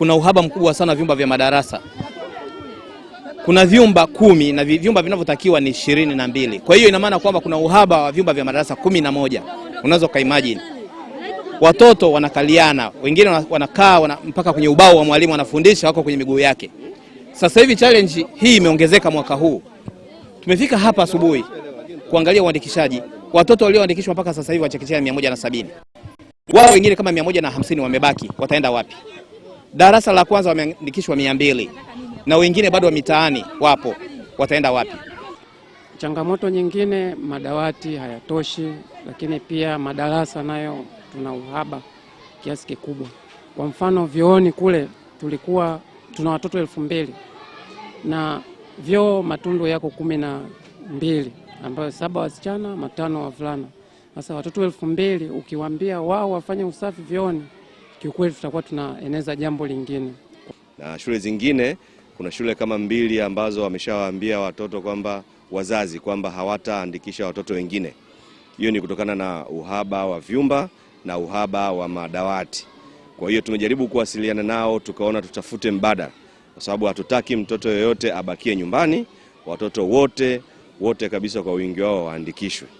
kuna uhaba mkubwa sana vyumba vya madarasa. Kuna vyumba kumi na vyumba vinavyotakiwa ni ishirini na mbili. Kwa hiyo ina maana kwamba kuna uhaba wa vyumba vya madarasa kumi na moja. Unaweza ukaimagine watoto wanakaliana, wengine wanakaa wana, mpaka kwenye ubao wa mwalimu anafundisha, wako kwenye miguu yake. Sasa hivi challenge hii imeongezeka mwaka huu. Tumefika hapa asubuhi kuangalia uandikishaji, watoto walioandikishwa mpaka sasa hivi wachekechea mia moja na sabini. Wao wengine kama mia moja na hamsini wamebaki, wataenda wapi? darasa la kwanza wameandikishwa mia mbili na wengine bado wa mitaani wapo, wataenda wapi? Changamoto nyingine, madawati hayatoshi, lakini pia madarasa nayo tuna uhaba kiasi kikubwa. Kwa mfano vyooni kule tulikuwa tuna watoto elfu mbili na vyoo matundu yako kumi na mbili ambayo saba wasichana matano wavulana. Sasa watoto elfu mbili ukiwaambia wao wafanye usafi vyooni kiukweli tutakuwa tunaeneza jambo lingine. Na shule zingine, kuna shule kama mbili ambazo wameshawaambia watoto kwamba, wazazi kwamba hawataandikisha watoto wengine. Hiyo ni kutokana na uhaba wa vyumba na uhaba wa madawati. Kwa hiyo tumejaribu kuwasiliana nao, tukaona tutafute mbadala, kwa sababu hatutaki mtoto yoyote abakie nyumbani. Watoto wote wote kabisa kwa wingi wao waandikishwe.